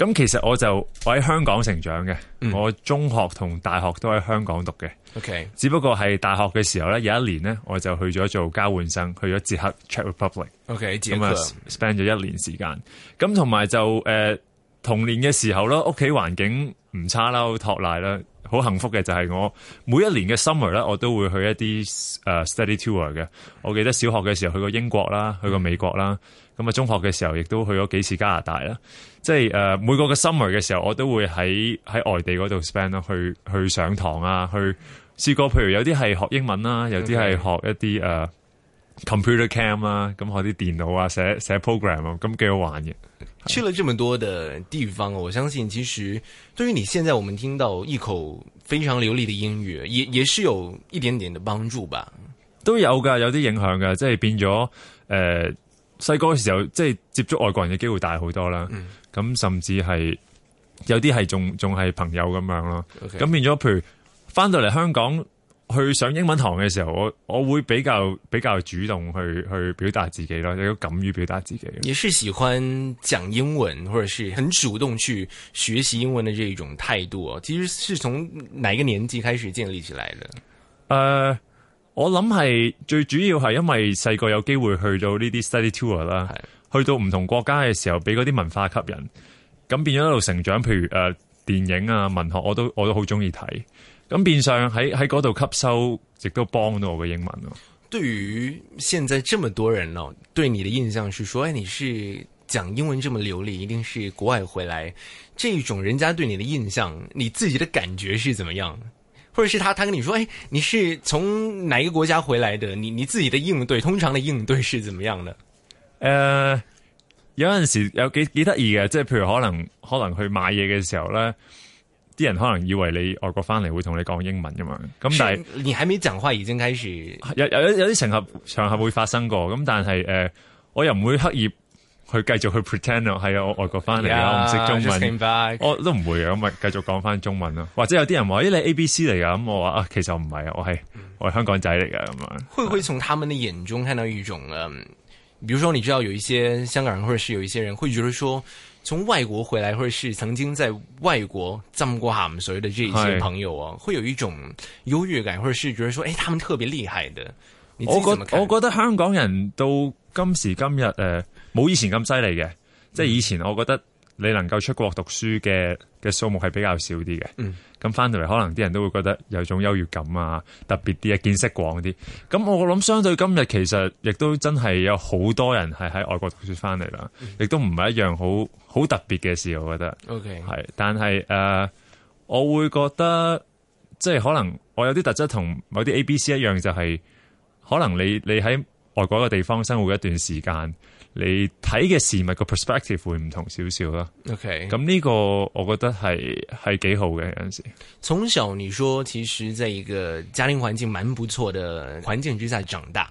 咁其實我就我喺香港成長嘅，我中學同大學都喺香港讀嘅。OK，嗯、只不過係大學嘅時候咧，有一年咧，我就去咗做交換生，去咗捷克 Czech Republic, OK，咁啊，spend 咗一年時間。咁、嗯呃、同埋就同童年嘅時候咧，屋企環境唔差啦，好托賴啦，好幸福嘅就係我每一年嘅 summer 咧，我都會去一啲 study tour 嘅。我記得小學嘅時候去過英國啦，去過美國啦。咁啊，中學嘅時候亦都去咗幾次加拿大啦。即係誒、呃，每個嘅 summer 嘅時候，我都會喺喺外地嗰度 spend 咯，去去上堂啊，去試過，譬如有啲係學英文啦，啊，有啲係學一啲誒、呃、computer camp 啦，咁學啲電腦啊，寫寫、啊、program 啊，咁幾好玩嘅。去了這麼多的地方，我相信其實對於你現在我們聽到一口非常流利的英語，也也是有一點點的幫助吧。都有噶，有啲影響㗎，即係變咗誒。呃細個嘅時候，即係接觸外國人嘅機會大好多啦。咁、嗯、甚至係有啲係仲仲係朋友咁樣咯。咁變咗，譬如翻到嚟香港去上英文堂嘅時候，我我會比較比較主動去去表達自己咯，亦都敢於表達自己。你是喜歡講英文，或者是很主動去學習英文的這種態度，其實是從哪個年紀開始建立起來的誒。呃我諗係最主要係因為細個有機會去到呢啲 study tour 啦，去到唔同國家嘅時候，俾嗰啲文化吸引，咁變咗一路成長。譬如誒、呃，電影啊、文學，我都我都好中意睇。咁變相喺喺嗰度吸收，亦都幫到我嘅英文咯。對於現在這麼多人咯，對你的印象是說，誒，你是講英文這麼流利，一定是國外回來。這一種人家對你的印象，你自己的感覺是怎麼樣？或者係他，他跟你說，誒、哎，你是從哪一個國家回來的？你你自己的應對，通常的應對是怎麼樣、呃、的？誒，有陣時有幾幾得意嘅，即係譬如可能可能去買嘢嘅時候咧，啲人可能以為你外國翻嚟會同你講英文㗎嘛。咁但係你還沒講話已經開始。有有有啲場合場合會發生過，咁但係誒、呃，我又唔會刻意。去繼續去 pretend 咯，係啊，我外國翻嚟嘅，yeah, 我唔識中文，came 我都唔會我、欸、我啊，咁咪繼續講翻中文咯。或者有啲人話咦，你 A B C 嚟噶，咁我話啊，其實我唔係啊，我係、嗯、我係香港仔嚟噶咁啊。會唔會從他們嘅眼中看到一種嗯，比如說你知道有一些香港人，或者是有一些人，會覺得說從外國回來，或者是曾經在外國浸過鹹水嘅這一些朋友啊，是會有一種優越感，或者是覺得說哎、欸，他們特別厲害的。我覺得我覺得香港人到今時今日、呃冇以前咁犀利嘅，即係以前，我覺得你能夠出國讀書嘅嘅數目係比較少啲嘅。咁翻到嚟，可能啲人都會覺得有種優越感啊，特別啲啊，見識廣啲。咁我諗相對今日其實亦都真係有好多人係喺外國讀書翻嚟啦，嗯、亦都唔係一樣好好特別嘅事。我覺得 OK 係，但係誒，uh, 我會覺得即係可能我有啲特質同某啲 A、B、C 一樣，就係、是、可能你你喺外國一個地方生活一段時間。你睇嘅事物個 perspective 會唔同少少啦。OK，咁呢個我覺得係係幾好嘅。有陣時，從小，你說其實在一個家庭環境蠻不錯的環境之下長大。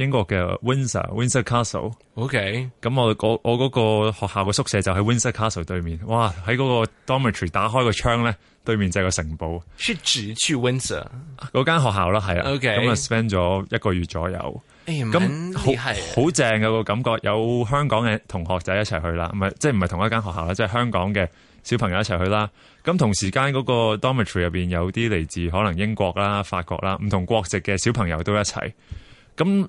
英國嘅 Windsor Windsor Castle，OK，Okay 咁我我我嗰個學校嘅宿舍就喺 Windsor Castle 對面，哇！喺嗰個 dormitory 打開個窗咧，對面就係個城堡。指去住住 Windsor 嗰間學校啦，係啊，咁啊，spend 咗一個月左右，咁好好正嘅個感覺，有香港嘅同學仔一齊去啦，唔係即係唔係同一間學校啦，即、就、係、是、香港嘅小朋友一齊去啦。咁同時間嗰個 dormitory 入邊有啲嚟自可能英國啦、法國啦唔同國籍嘅小朋友都一齊，咁。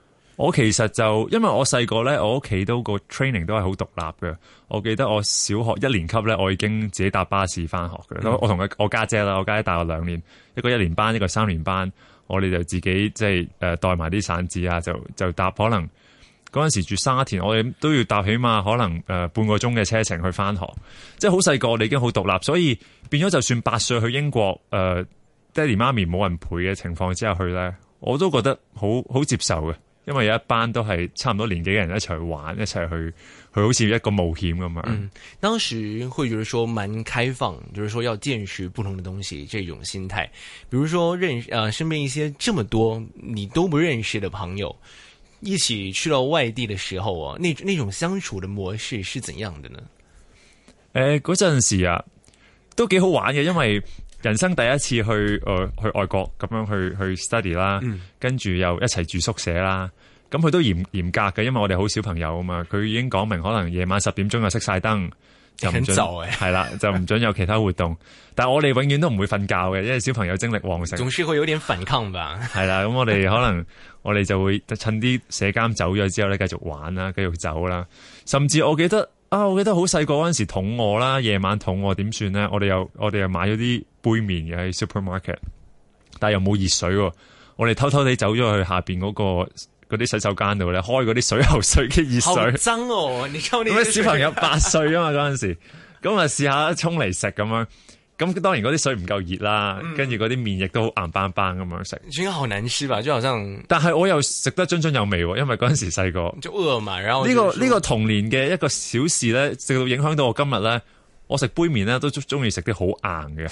我其實就因為我細個咧，我屋企都個 training 都係好獨立嘅。我記得我小學一年級咧，我已經自己搭巴士翻學嘅。咁、嗯、我同佢我家姐啦，我家姐，姐大我兩年，一個一年班，一個三年班，我哋就自己即係誒帶埋啲散紙啊，就就搭。可能嗰陣時住沙田，我哋都要搭起碼可能誒、呃、半個鐘嘅車程去翻學，即係好細個，我已經好獨立，所以變咗就算八歲去英國誒、呃，爹哋媽咪冇人陪嘅情況之下去咧，我都覺得好好接受嘅。因為有一班都係差唔多年紀嘅人一齊去玩，一齊去去好似一個冒險咁啊！當時會覺得說蠻開放，就是說要見識不同的東西，這種心態。比如說認啊、呃，身邊一些這麼多你都不認識的朋友，一起去到外地的時候啊，那那種相處的模式是怎樣的呢？誒、呃，嗰陣時啊，都幾好玩嘅，因為。人生第一次去，誒、呃、去外國咁樣去去 study 啦、嗯，跟住又一齊住宿舍啦。咁佢都嚴嚴格嘅，因為我哋好小朋友啊嘛，佢已經講明可能夜晚十點鐘就熄晒燈，就唔准係啦，就唔准有其他活動。 但係我哋永遠都唔會瞓覺嘅，因為小朋友精力旺盛，總是會有點反抗吧。係 啦，咁我哋可能我哋就會趁啲舍監走咗之後咧，繼續玩啦，繼續走啦。甚至我記得。啊！我記得好細個嗰陣時，肚餓啦，夜晚肚餓點算咧？我哋又我哋又買咗啲杯麵嘅喺 Supermarket，但係又冇熱水喎。我哋偷偷地走咗去下邊嗰、嗰個、嗰啲洗手間度咧，開嗰啲水喉水嘅熱水，好爭哦、喔！你咁你啲小朋友八歲啊嘛嗰陣時，咁啊試下沖嚟食咁樣。咁當然嗰啲水唔夠熱啦，跟住嗰啲麵亦都硬邦邦咁樣食，應該好難吃吧？就好像，但係我又食得津津有味喎，因為嗰陣時細個就餓嘛，然後呢個呢個呢個童年嘅一個小事咧，直到影響到我今日咧，我食杯麵咧都鍾中意食啲好硬嘅。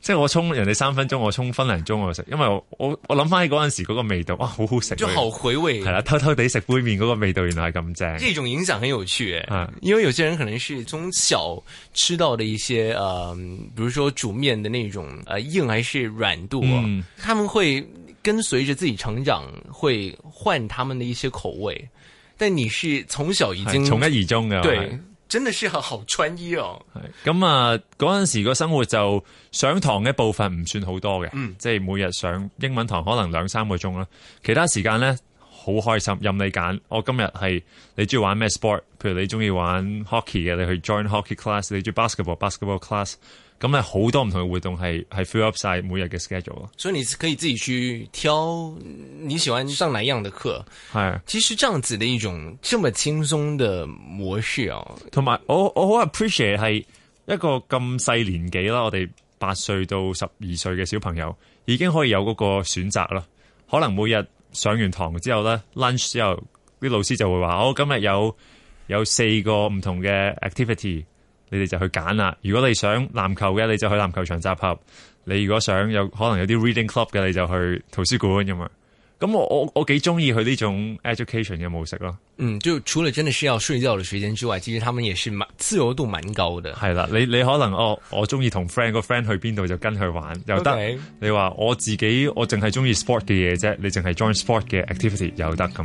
即係我沖人哋三分鐘，我沖分兩鐘我就食，因為我我我諗翻起嗰陣時嗰個味道，哇，好好食，就好回味。係啦，偷偷地食杯麵嗰，那個味道，原來係咁正。這種影響很有趣欸，嗯，因為有些人可能是從小吃到的一些，呃，比如說煮麵的那種，呃，硬還是軟度啊，嗯，他們會跟隨着自己成長，會換他們的一些口味。但你是從小已經從一而終嘅，對。真的是好好穿衣哦。係咁啊，嗰，嗯，陣時個生活就上堂嘅部分唔算好多嘅，嗯，即係每日上英文堂可能兩三個鐘啦。其他時間咧好開心，任你揀。我今日係你中意玩咩 sport？譬如你中意玩 hockey 嘅，你去 join hockey class；你中意 basketball，basketball class。咁係好多唔同嘅活動，係係 fill up 晒每日嘅 schedule。所以你可以自己去挑你喜歡上哪樣嘅課。係，其實這樣子的一種這麼輕鬆的模式啊。同埋，我我好 appreciate 係一個咁細年紀啦，我哋八歲到十二歲嘅小朋友已經可以有嗰個選擇啦。可能每日上完堂之後咧，lunch 之後，啲老師就會話：我、哦、今日有有四個唔同嘅 activity。你哋就去揀啦。如果你想籃球嘅，你就去籃球場集合。你如果想有可能有啲 reading club 嘅，你就去圖書館咁嘛？咁我我我幾中意佢呢種 education 嘅模式咯。嗯，就除了真係需要睡覺嘅時間之外，其實佢哋係自由度蠻高嘅。係啦，你你可能、哦、我我中意同 friend 個 friend 去邊度就跟佢去玩又得。Okay. 你話我自己我淨係中意 sport 嘅嘢啫，你淨係 join sport 嘅 activity 又得咁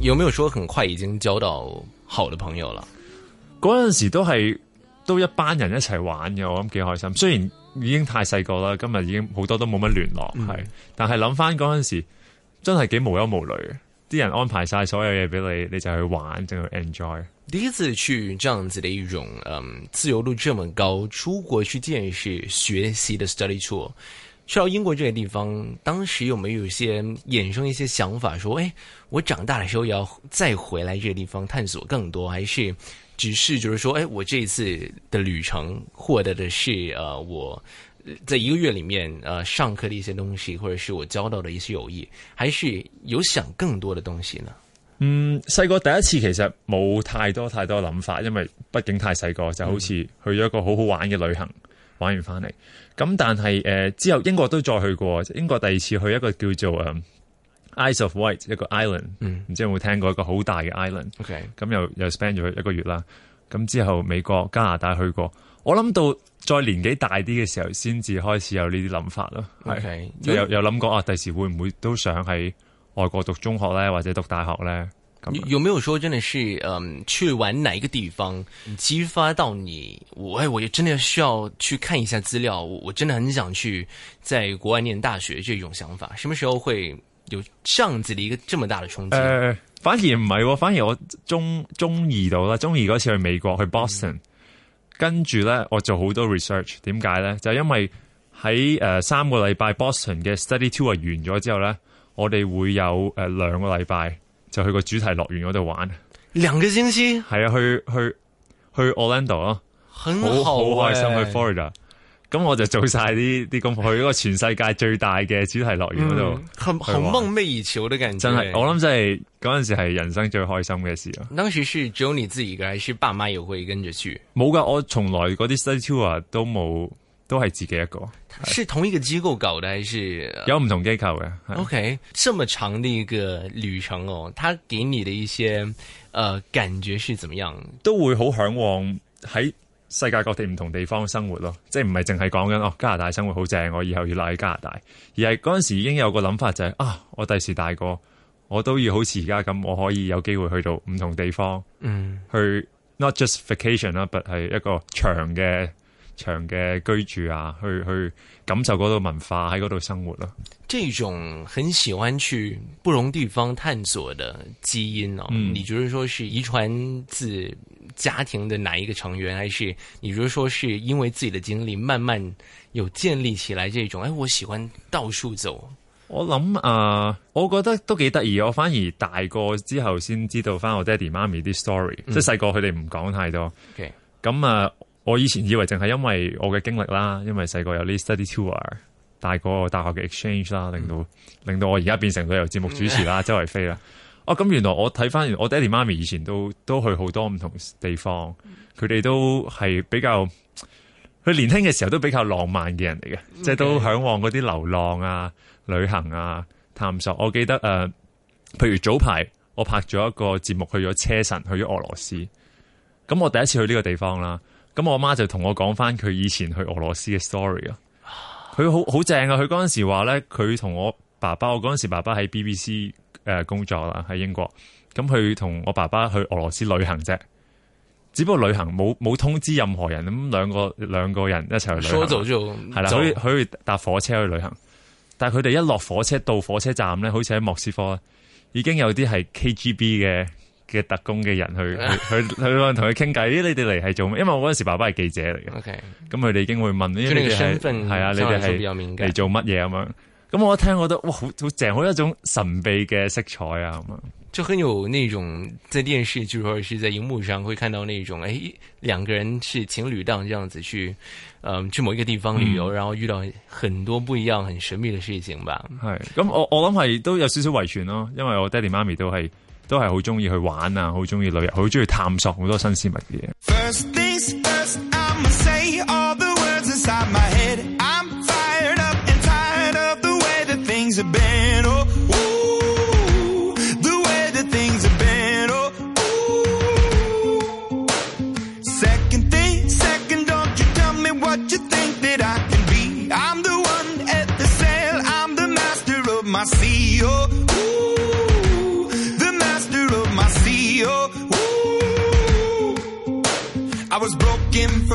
有沒有說很快已經交到好的朋友了？嗰陣時都係都一班人一齊玩嘅，我諗幾開心。雖然已經太細個啦，今日已經好多都冇乜聯絡，係、嗯，但係諗翻嗰陣時，真係幾無憂無慮。啲人安排晒所有嘢俾你，你就去玩，就去 enjoy。第一次去這樣子的一種，嗯，自由度這麼高，出國去見識、學習的 study tour。去到英國這個地方，當時有沒有一些衍生一些想法，說，哎、欸、我長大的時候要再回來這個地方探索更多，還是，只是就是說，哎、欸、我這次的旅程獲得的是，呃，我，在一個月裏面，呃，上課的一些東西，或者是我交到的一些友誼，還是有想更多的東西呢？嗯，細個第一次其實冇太多太多的想法，因為畢竟太細個，就好似去咗一個好好玩嘅旅行。玩完翻嚟咁，但係誒、呃、之後英國都再去過，英國第二次去一個叫做誒、uh, Isle of Wight 一個 Island，唔、嗯、知有冇聽過一個好大嘅 Island Okay.。咁又又 spend 咗一個月啦。咁之後美國加拿大去過，我諗到再年紀大啲嘅時候，先至開始有呢啲諗法咯。係 Okay. 又因為 又諗過啊，第時會唔會都想喺外國讀中學咧，或者讀大學咧？有沒有說，真的是，嗯，去玩哪一個地方激發到你？我，哎，我真的需要去看一下資料。我真的很想去在國外念大學，這種想法，什麼時候會有上集的一個這麼大的衝擊、呃？反而唔係、哦，反而我中中二到啦，中二嗰次去美國去 Boston、嗯、跟住呢我做好多 research。點解呢就因為喺誒、呃、三個禮拜 Boston 嘅 study tour 完咗之後呢我哋會有誒兩、呃、個禮拜。就去個主題樂園嗰度玩，兩個星期係啊，去去去 Orlando 咯，好好開心去 Florida。咁我就做晒啲啲去一個全世界最大嘅主題樂園嗰度去玩。好好夢寐以求嘅感覺，真係我諗真係嗰陣時係人生最開心嘅事咯。當時是只有你自己嘅個，還是爸媽又會跟着去？冇噶，我從來嗰啲 state tour 都冇。都係自己一個，係同一個機構搞嘅，還是有唔同機構嘅？OK，是這麼長的一個旅程哦，他給你的一些，誒、呃，感覺是怎麼樣？都會好向往喺世界各地唔同地方生活咯，即係唔係淨係講緊哦加拿大生活好正，我以後要留喺加拿大，而係嗰陣時已經有個諗法就係、是、啊，我第時大個，我都要好似而家咁，我可以有機會去到唔同地方，嗯，去 not just vacation 啦，but 係一個長嘅。長嘅居住啊，去去感受嗰度文化，喺嗰度生活咯、啊。這種很喜歡去不同地方探索的基因哦、啊，嗯、你覺得說是遺傳自家庭的哪一個成員，還是你覺得說是因為自己的經歷慢慢有建立起來？這種，哎，我喜歡到處走。我諗啊、呃，我覺得都幾得意。我反而大個之後先知道翻，我爹哋媽咪啲 story，即係細個佢哋唔講太多。咁 Okay. 啊。我以前以為淨係因為我嘅經歷啦，因為細個有啲 study tour，大個大學嘅 exchange 啦，令到令到我而家變成旅遊節目主持啦， 周圍飛啦。哦、啊，咁原來我睇翻我爹哋媽咪以前都都去好多唔同地方，佢哋都係比較佢年輕嘅時候都比較浪漫嘅人嚟嘅，即係 Okay. 都向往嗰啲流浪啊、旅行啊、探索。我記得誒、呃，譬如早排我拍咗一個節目去咗車臣，去咗俄羅斯，咁我第一次去呢個地方啦。咁我媽就同我講返佢以前去俄羅斯嘅 story 啊，佢好好正啊！佢嗰陣時話咧，佢同我爸爸，我嗰陣時爸爸喺 BBC、呃、工作啦，喺英國。咁佢同我爸爸去俄羅斯旅行啫，只不過旅行冇冇通知任何人，咁兩個兩個人一齊去旅行，係啦。所以佢搭火車去旅行，但係佢哋一落火車到火車站咧，好似喺莫斯科啦，已經有啲係 KGB 嘅嘅特工嘅人去 去去同佢傾偈，你哋嚟係做咩？因為我嗰陣時爸爸係記者嚟嘅，咁佢哋已經會問，呢、哎、為身份係啊，你哋係嚟做乜嘢咁樣？咁我一聽我覺得，哇，好好正，好一種神秘嘅色彩啊！咁啊，就很有那種在電視，就或者是在熒幕上會看到那種，誒，兩個人去情侶檔，這樣子去，嗯，去某一個地方旅遊，然後遇到很多不一樣、很神秘嘅事情吧。係咁，我我諗係都有少少遺傳咯，因為我爹哋媽咪都係。都係好中意去玩啊，好中意旅遊，好中意探索好多新鮮事物嘅嘢。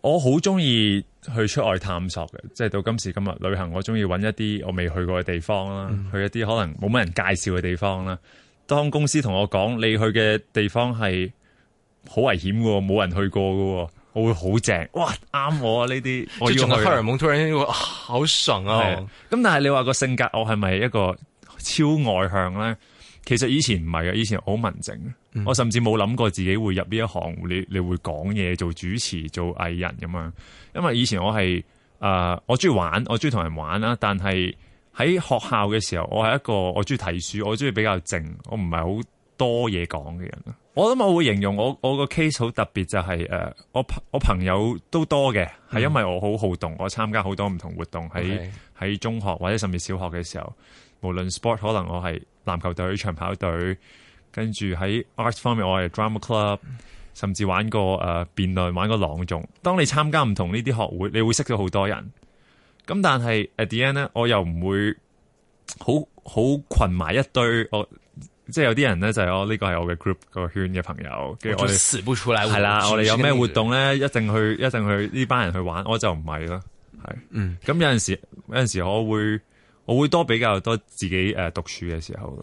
我好中意去出外探索嘅，即係到今時今日旅行，我中意揾一啲我未去過嘅地方啦，嗯、去一啲可能冇乜人介紹嘅地方啦。當公司同我講你去嘅地方係好危險嘅，冇人去過嘅，我會好正，哇，啱我啊呢啲。即係從好純啊。咁但係你話個性格，我係咪一個超外向咧？其實以前唔係啊，以前好文靜。我甚至冇諗過自己會入呢一行，你你會講嘢做主持做藝人噉樣，因為以前我係誒、呃、我中意玩，我中意同人玩啦。但係喺學校嘅時候，我係一個我中意睇書，我中意比較靜，我唔係好多嘢講嘅人。我諗我會形容我我個 case 好特別就係誒我我朋友都多嘅，係因為我好好動，我參加好多唔同活動喺喺中學或者甚至小學嘅時候，無論 sport 可能我係籃球隊、長跑隊。跟住喺 arts 方面，我係 drama club，甚至玩過誒辯論，玩過朗誦。當你參加唔同呢啲學會，你會識咗好多人。咁但係誒，n d 咧，我又唔會好好群埋一堆。我即係有啲人咧，就係、是、我呢個係我嘅 group 個圈嘅朋友。我，我死不出來係啦，屈不屈我哋有咩活動咧，嗯、一定去，一定去呢班人去玩。我就唔係咯，係嗯。咁有陣時，有陣時我會我會多比較多自己誒讀書嘅時候。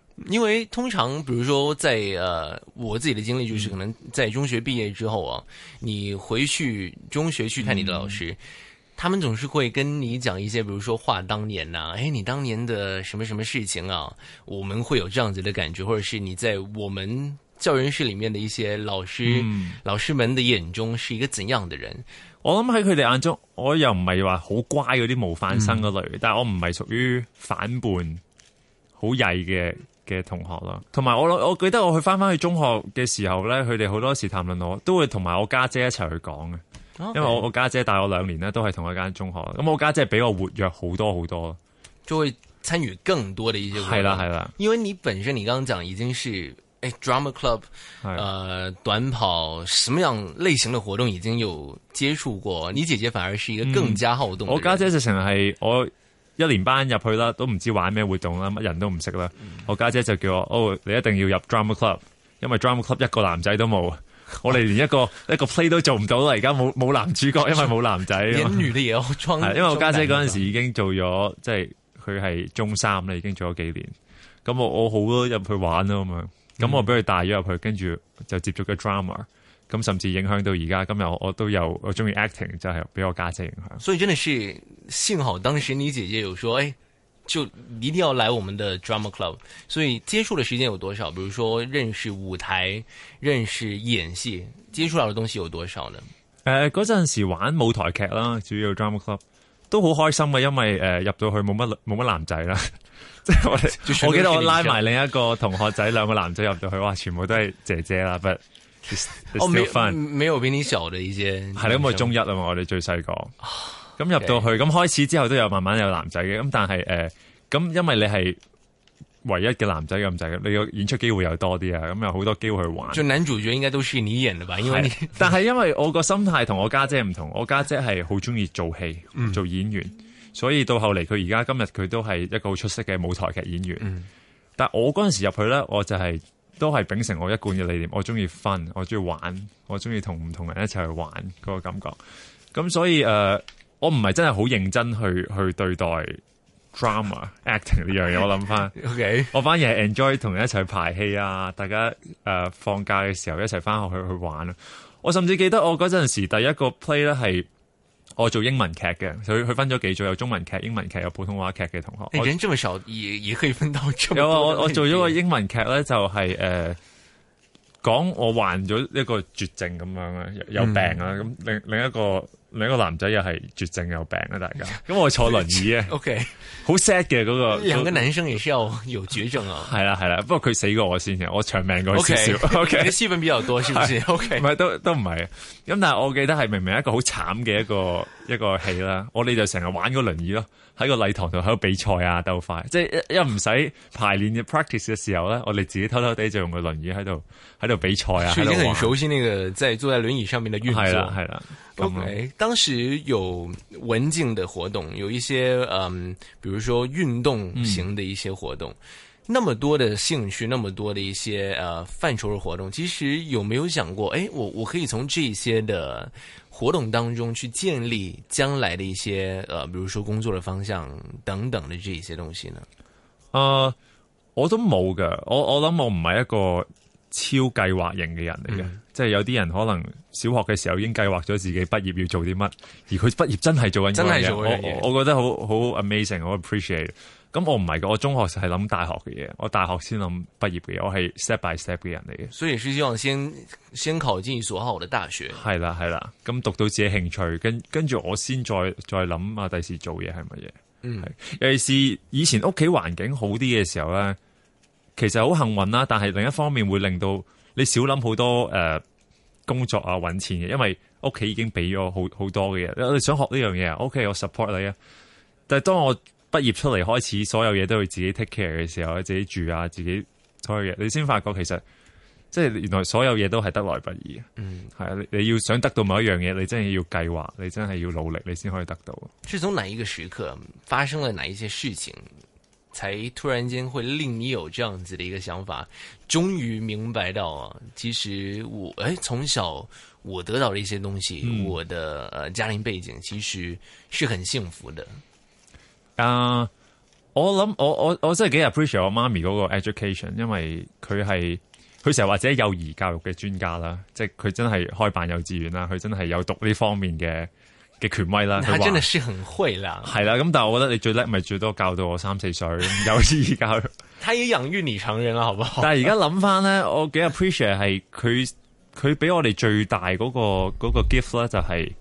因為通常，比如說在，呃，我自己的經歷就是，可能在中學畢業之後啊，你回去中學去看你的老師，嗯、他們總是會跟你講一些，比如說話當年呐，啊，誒、哎，你當年的什麼什麼事情啊，我們會有這樣子的感覺，或者是你在我們教員室裏面的一些老師，嗯、老師們的眼中是一個怎樣的人？我諗喺佢哋眼中，我又唔係話好乖嗰啲模範生嗰類，嗯、但係我唔係屬於反叛，好曳嘅。嘅同學同埋我我記得我去返返去中學嘅時候咧，佢哋好多時談論我，都會同埋我家姐一齊去講嘅，因為我我家姐大我兩年咧，都係同一間中學，咁我家姐比我活躍好多好多，就會參與更多嘅一些活動。係啦係啦，因為你本身你剛剛講已經係誒、欸、Drama Club，誒的、呃、短跑，什麼樣類型嘅活動已經有接觸過。你姐姐反而是一個更加好動、嗯，我家姐就成日係我。一年班入去啦，都唔知玩咩活動啦，乜人都唔識啦。嗯、我家姐，姐就叫我哦，oh, 你一定要入 drama club，因為 drama club 一個男仔都冇， 我哋連一個一個 play 都做唔到啦。而家冇冇男主角，因為冇男仔。演女啲嘢我裝，因為我家姐嗰陣時已經做咗，即係佢係中三啦，已經做咗幾年。咁我我好多入去玩啦，咁樣咁我俾佢帶咗入去，跟住就接觸咗 drama 咁甚至影響到而家今日我，我都有我中意 acting 就係俾我家姐影響。所以真係，是幸好當時你姐姐有說，誒、欸，就一定要來我們的 drama club。所以接觸的時間有多少？比如說認識舞台、認識演戲，接觸到的東西有多少呢？誒、呃，嗰陣時玩舞台劇啦，主要 drama club 都好開心呀，因為誒、呃、入到去冇乜冇乜男仔啦。即係我我記得我拉埋另一個同學仔，兩 個男仔入到去，哇，全部都係姐姐啦，but 我沒、哦、沒有比你小的一啲係啦，咁我中一啊嘛，我哋最細個，咁、啊、入到去，咁 Okay. 開始之後都有慢慢有男仔嘅，咁但係誒，咁、呃、因為你係唯一嘅男仔，咁就係你個演出機會又多啲啊，咁有好多機會去玩。就男主角應該都是你演嘅吧？因為你但係，因為我個心態同我家姐唔同，我家姐係好中意做戲做演員，嗯、所以到後嚟佢而家今日佢都係一個好出色嘅舞台劇演員。嗯、但我嗰陣時入去咧，我就係、是。都係秉承我一貫嘅理念，我中意分，我中意玩，我中意同唔同人一齊去玩嗰、那個感覺。咁所以誒、呃，我唔係真係好認真去去對待 drama acting 呢樣嘢。我諗翻，我反而係 enjoy 同人一齊排戲啊，大家、呃、放假嘅時候一齊翻學去去玩啊。我甚至記得我嗰陣時第一個 play 咧係。我做英文劇嘅，佢佢分咗幾組，有中文劇、英文劇、有普通話劇嘅同學。你、欸、人咁少，而而我可以分到咁多？有啊，我我做咗個英文劇咧、就是，就係誒，講我患咗一個絕症咁樣啊，有病啊，咁另、嗯、另一個。兩個男仔又係絕症有病啊，大家，咁我坐輪椅啊 ，OK，好 sad 嘅嗰個。兩個男生亦要有絕症啊，係啦係啦，不過佢死過我先嘅，我長命過佢少少，OK，okay。你私品比較多少少是是，是，OK，唔係都都唔係，咁但係我記得係明明一個好慘嘅一個 一個戲啦，我哋就成日玩個輪椅咯。喺個禮堂度喺度比賽啊，鬥快，即係一一唔使排練嘅 practice 嘅時候咧，我哋自己偷偷地就用個輪椅喺度喺度比賽啊，喺度很熟悉那個在坐在輪椅上面的運作，係啦係啦。OK、嗯、當時有文靜的活動，有一些嗯，比如說運動型的一些活動。嗯那麼多的興趣，那麼多的一些呃範疇的活動，其實有沒有想過，誒，我我可以從這些的活動當中去建立將來的一些，呃，比如說工作的方向等等的這些東西呢？啊、呃，我都冇噶，我我諗我唔係一個超計劃型嘅人嚟嘅，嗯、即係有啲人可能小學嘅時候已經計劃咗自己畢業要做啲乜，而佢畢業真係做緊我，真係做緊人嘢，我我覺得好好 amazing，好 appreciate。咁我唔係嘅，我中學係諗大學嘅嘢，我大學先諗畢業嘅嘢，我係 step by step 嘅人嚟嘅。所以你係希望先先考進一所好嘅大學。係啦，係啦，咁讀到自己興趣，跟跟住我先再再諗啊，第時做嘢係乜嘢？嗯，尤其是以前屋企環境好啲嘅時候咧，其實好幸運啦，但係另一方面會令到你少諗好多誒、呃、工作啊揾錢嘅，因為屋企已經俾咗好好多嘅嘢。我想學呢樣嘢，OK，我 support 你啊。但係當我。畢業出嚟，開始，所有嘢都要自己 take care 嘅時候，自己住啊，自己所有嘢，你先發覺其實即係原來所有嘢都係得來不易。嗯，係啊，你要想得到某一樣嘢，你真係要計劃，你真係要努力，你先可以得到。是從哪一個時刻發生了哪一些事情，才突然間會令你有這樣子的一個想法？終於明白到啊，其實我誒，從、欸、小我得到嘅一些東西，嗯、我的家庭背景其實是很幸福的。啊、uh,！我諗我我我真係幾 appreciate 我媽咪嗰個 education，因為佢係佢成日或者幼兒教育嘅專家啦，即係佢真係開辦幼稚園啦，佢真係有讀呢方面嘅嘅權威啦。佢真的是很會啦，係啦。咁但係我覺得你最叻咪最多教到我三四歲，幼兒教育。 他也養育你成人啦，好唔好？但係而家諗翻咧，我幾 appreciate 係佢佢俾我哋最大嗰、嗰個、嗰個 gift 咧，就係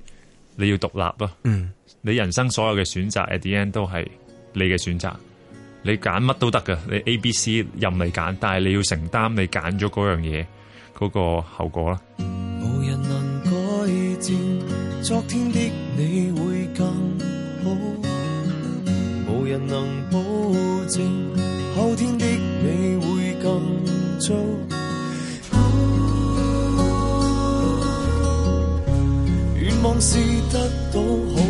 你要獨立咯。嗯。你人生所有嘅選擇，at the end 都係你嘅選擇。你揀乜都得㗎，你 A、B、C 任你揀，但係你要承擔你揀咗嗰樣嘢嗰個後果啦。冇人能改正昨天的你會更好，冇人能保證後天的你會更糟。哦，願望是得到。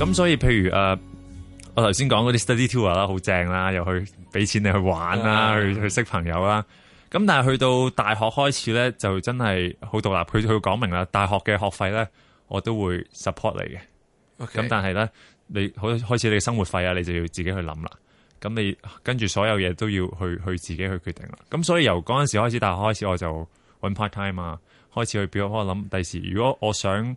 咁所以，譬如誒、呃，我頭先講嗰啲 study tour 啦，好正啦，又去俾錢你去玩啦 Yeah.，去去識朋友啦。咁但係去到大學開始咧，就真係好獨立。佢佢講明啦，大學嘅學費咧，我都會 support 你嘅。咁 Okay. 但係咧，你好開始你嘅生活費啊，你就要自己去諗啦。咁你跟住所有嘢都要去去自己去決定啦。咁所以由嗰陣時開始，大學開始，我就揾 part time 啊，開始去表，開始諗第時如果我想。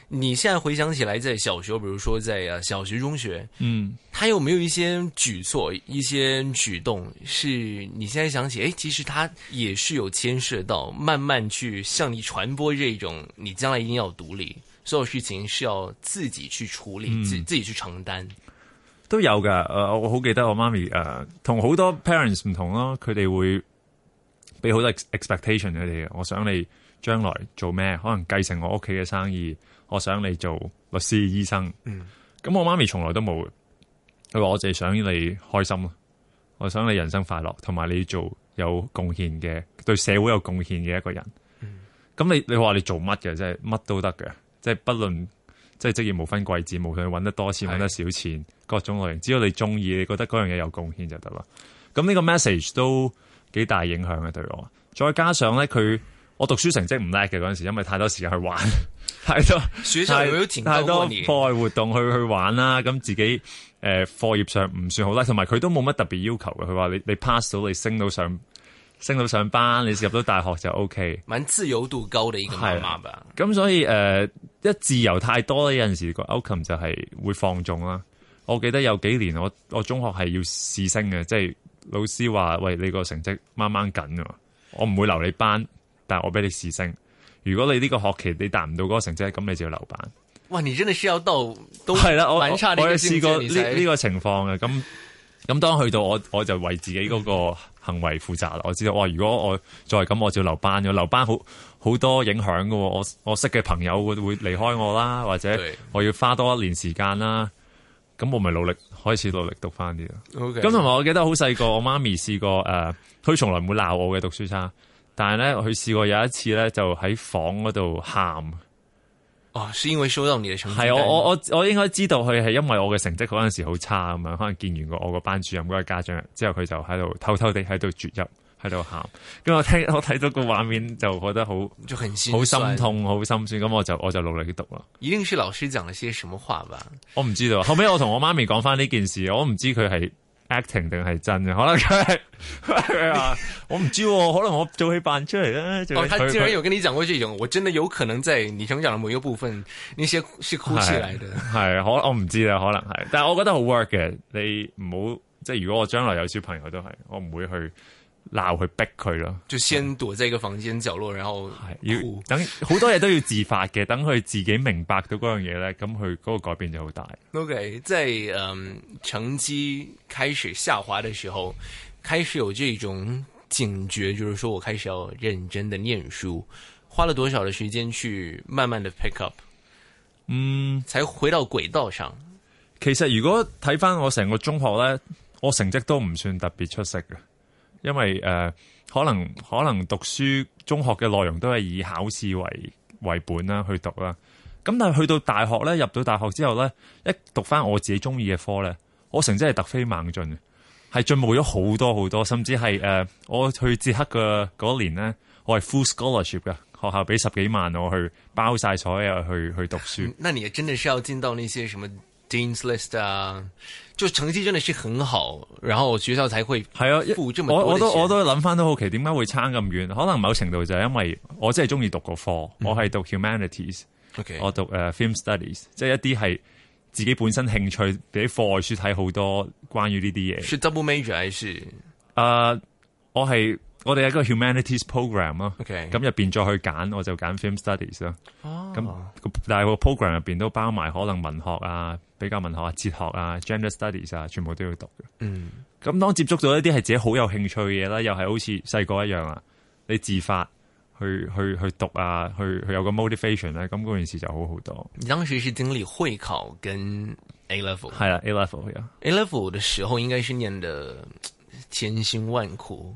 你現在回想起來，在小學，比如說在小學、中學，嗯，他有沒有一些舉措、一些舉動，是你現在想起，誒、哎，其實他也是有牽涉到，慢慢去向你傳播這種，你將來一定要獨立，所有事情是要自己去處理，嗯、自己去承擔？都有㗎，我好記得我媽咪同好多 parents 唔同咯，佢哋會畀好多 ex expectation 佢哋，我想你將來做咩，可能繼承我屋企嘅生意。我想你做律師、醫生，咁、嗯、我媽咪從來都冇，佢話我淨係想你開心，我想你人生快樂，同埋你做有貢獻嘅，對社會有貢獻嘅一個人。咁、嗯、你你話你做乜嘅，即係乜都得嘅，即係不論即係職業無分貴賤，無論揾得多錢、揾得少錢，的各種類型，只要你中意，你覺得嗰樣嘢有貢獻就得啦。咁呢個 message 都幾大影響嘅對我，再加上咧佢。我讀書成績唔叻嘅嗰陣時，因為太多時間去玩，係咯，太多課外活動去去玩啦。咁自己誒，課業上唔算好叻，同埋佢都冇乜特別要求嘅。佢話你你 pass 到，你升到上升到上班，你入到大學就 OK。咁自由度高你咁樣啊？咁、嗯、所以誒，一、呃、自由太多，有陣時個 outcome 就係會放縱啦。我記得有幾年我我中學係要試升嘅，即係老師話喂，你個成績掹掹緊啊，我唔會留你班。但係我俾你試升，如果你呢個學期你達唔到嗰個成績，咁你就要留班。哇，你真係需要到係啦，我我有試過呢呢個情況嘅。咁咁才當去到我我就為自己嗰個行為負責啦。我知道哇，如果我再咁，我就要留班咗。留班好好多影響噶。我我識嘅朋友會會離開我啦，或者我要花多一年時間啦。咁我咪努力開始努力讀翻啲咯。咁同埋我記得好細個，我媽咪試過誒，佢、呃、從來唔會鬧我嘅讀書差。但係咧，佢試過有一次咧，就喺房嗰度喊。哦，是因為收到你嘅成績？係我我我我應該知道佢係因為我嘅成績嗰陣時好差咁樣，嗯、可能見完個我個班主任嗰、那個家長之後，佢就喺度偷偷地喺度啜泣，喺度喊。咁我聽我睇到個畫面就覺得好，就很好心痛，好心酸。咁我就我就努力去讀啦。一定是老師講了些什麼話吧？ 我唔知道。後尾我同我媽咪講翻呢件事，我唔知佢係。acting 定係真嘅，可能佢係 我唔知道、喔，可能我做起扮出嚟啦。 哦，他竟然有跟你講過這種，我真的有可能在你成長的每一個部分，那些是哭起來的。係，可我唔知啦，可能係，但係我覺得好 work 嘅，你唔好即係如果我將來有小朋友都係，我唔會去。鬧佢逼佢咯，就先躲在一個房間角落，嗯、然後係要等好多嘢都要自發嘅， 等佢自己明白到嗰樣嘢咧，咁佢嗰個改變就好大。OK，在嗯、um, 成績開始下滑的時候，開始有這種警覺，就是說我開始要認真的念書，花了多少的時間去慢慢的 pick up，嗯，才回到軌道上。其實如果睇翻我成個中學咧，我成績都唔算特別出色嘅。.因為誒、呃、可能可能讀書中學嘅內容都係以考試為為本啦，去讀啦。咁但係去到大學咧，入到大學之後咧，一讀翻我自己中意嘅科咧，我成績係突飛猛進，係進步咗好多好多，甚至係誒、呃、我去捷克嘅嗰年呢，我係 full scholarship 嘅，學校俾十幾萬我去包晒所有去去讀書。那你真的是要進到那些什麼？Dean's list 啊，就成績真的是很好，然後學校才會係啊，付這麼多錢。我我都我都諗翻都好奇，點解會差咁遠？可能某程度就係因為我真係中意讀個科，嗯、我係讀 Humanities，Okay. 我讀誒、uh, Film Studies，即係一啲係自己本身興趣，俾課外書睇好多關於呢啲嘢。係 double major 係啊，uh, 我係。我哋有個 humanities program 咯，啊，咁入邊再去揀，我就揀 film studies 咯，啊。咁、oh. 但係個 program 入邊都包埋可能文學啊、比較文學啊、哲學啊、gender studies 啊，全部都要讀。嗯，咁當接觸到一啲係自己好有興趣嘅嘢啦，又係好似細個一樣啊，你自發去去去讀啊，去去有個 motivation 咧，咁嗰件事就好好多。你當時是經歷會考跟 A level 係啦，A level、yeah. A level 嘅時候應該是念得千辛萬苦。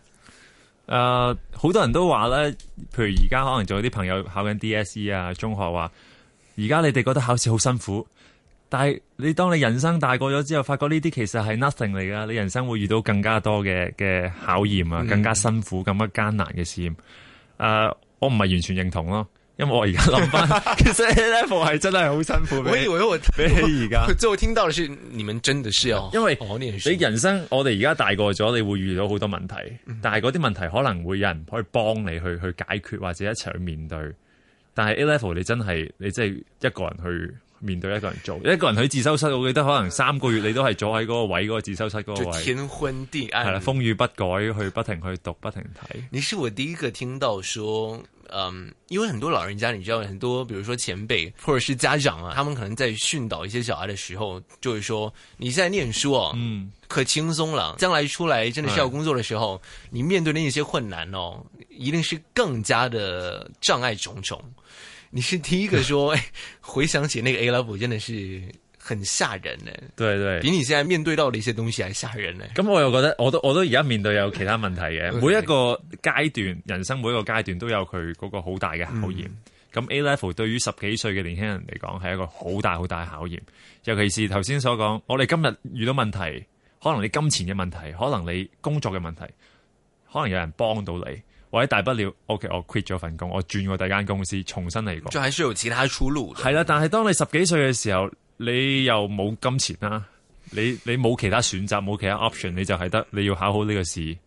誒，好、uh, 多人都話咧，譬如而家可能仲有啲朋友考緊 DSE 啊，中學話，而家你哋覺得考試好辛苦，但係你當你人生大過咗之後，發覺呢啲其實係 nothing 嚟㗎，你人生會遇到更加多嘅嘅考驗啊，更加辛苦，更加艱難嘅試驗。誒，mm. uh, 我唔係完全認同咯。因為我而家諗翻，其實 A level 係真係好辛苦。我以為我比起而家，最後聽到的是你們真的是要，因為你人生，我哋而家大個咗，你會遇到好多問題，但係嗰啲問題可能會有人可以幫你去去解決或者一齊去面對，但係 A level 你真係你真係一個人去。面對，一個人做的，一個人去自修室，我記得可能三個月你都係坐喺嗰個位嗰 個自修室嗰個位。就天昏地暗。係啦，風雨不改，去不停去讀，不停睇。你是我第一個聽到說，嗯，因為很多老人家，你知道，很多，比如說前輩，或者是家長啊，他們可能在訓導一些小孩的時候，就會說：你現在念書哦、啊，嗯，可輕鬆了，將來出來真的是要工作的時候，嗯、你面對的那些困難哦，一定是更加的障礙重重。你是第一個說，回想起那個 A level 真的是很嚇人呢、啊。 對，對對，比你現在面對到的一些東西還嚇人呢、啊。咁我又覺得，我都我都而家面對有其他問題嘅， 每一個階段人生每一個階段都有佢嗰個好大嘅考驗。咁、嗯、A level 對於十幾歲嘅年輕人嚟講，係一個好大好大嘅考驗。尤其是頭先所講，我哋今日遇到問題，可能你金錢嘅問題，可能你工作嘅問題，可能有人幫到你。或者大不了，OK，我 quit 咗份工，我轉過第二間公司，重新嚟過。仲係需要其他出路。係啦，但係當你十幾歲嘅時候，你又冇金錢啦，你你冇其他選擇，冇其他 option，你就係得你要考好呢個試。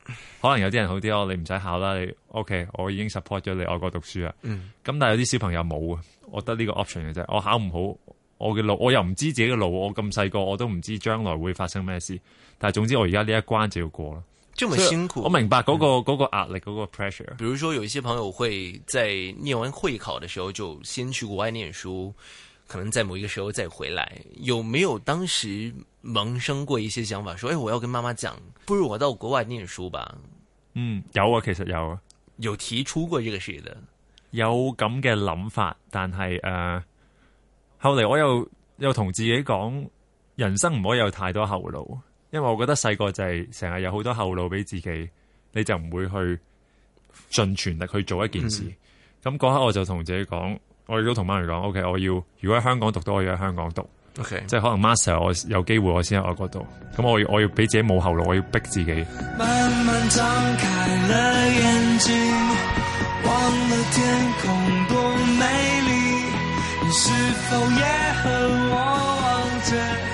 可能有啲人好啲哦，你唔使考啦，你 OK，我已經 support 咗你外國讀書啦。咁、嗯、但係有啲小朋友冇啊，我得呢個 option 嘅啫，我考唔好，我嘅路我又唔知自己嘅路，我咁細個我都唔知將來會發生咩事。但係總之我而家呢一關就要過啦。這麼辛苦，我明白嗰、那個、嗯、那個壓力嗰、那個 pressure。比如說，有一些朋友會在念完會考的時候就先去國外念書，可能在某一個時候再回來。有沒有當時萌生過一些想法，說誒、哎，我要跟媽媽講，不如我到國外念書吧？嗯，有啊，其實有，啊，有提出過這個事的，有咁嘅諗法，但係誒、呃，後嚟我又又同自己講，人生唔可以有太多後路。因為我覺得細個就係成日有好多後路俾自己，你就唔會去盡全力去做一件事。咁嗰、嗯、刻我就同自己講，我亦都同媽咪講，OK，我要如果喺香港讀到，我要喺香港讀，即係 Okay 可能 master 我有機會我先喺外國讀。咁我要我要俾自己冇後路，我要逼自己。慢慢張開了眼睛，忘了天空多美麗，你是否也和我望著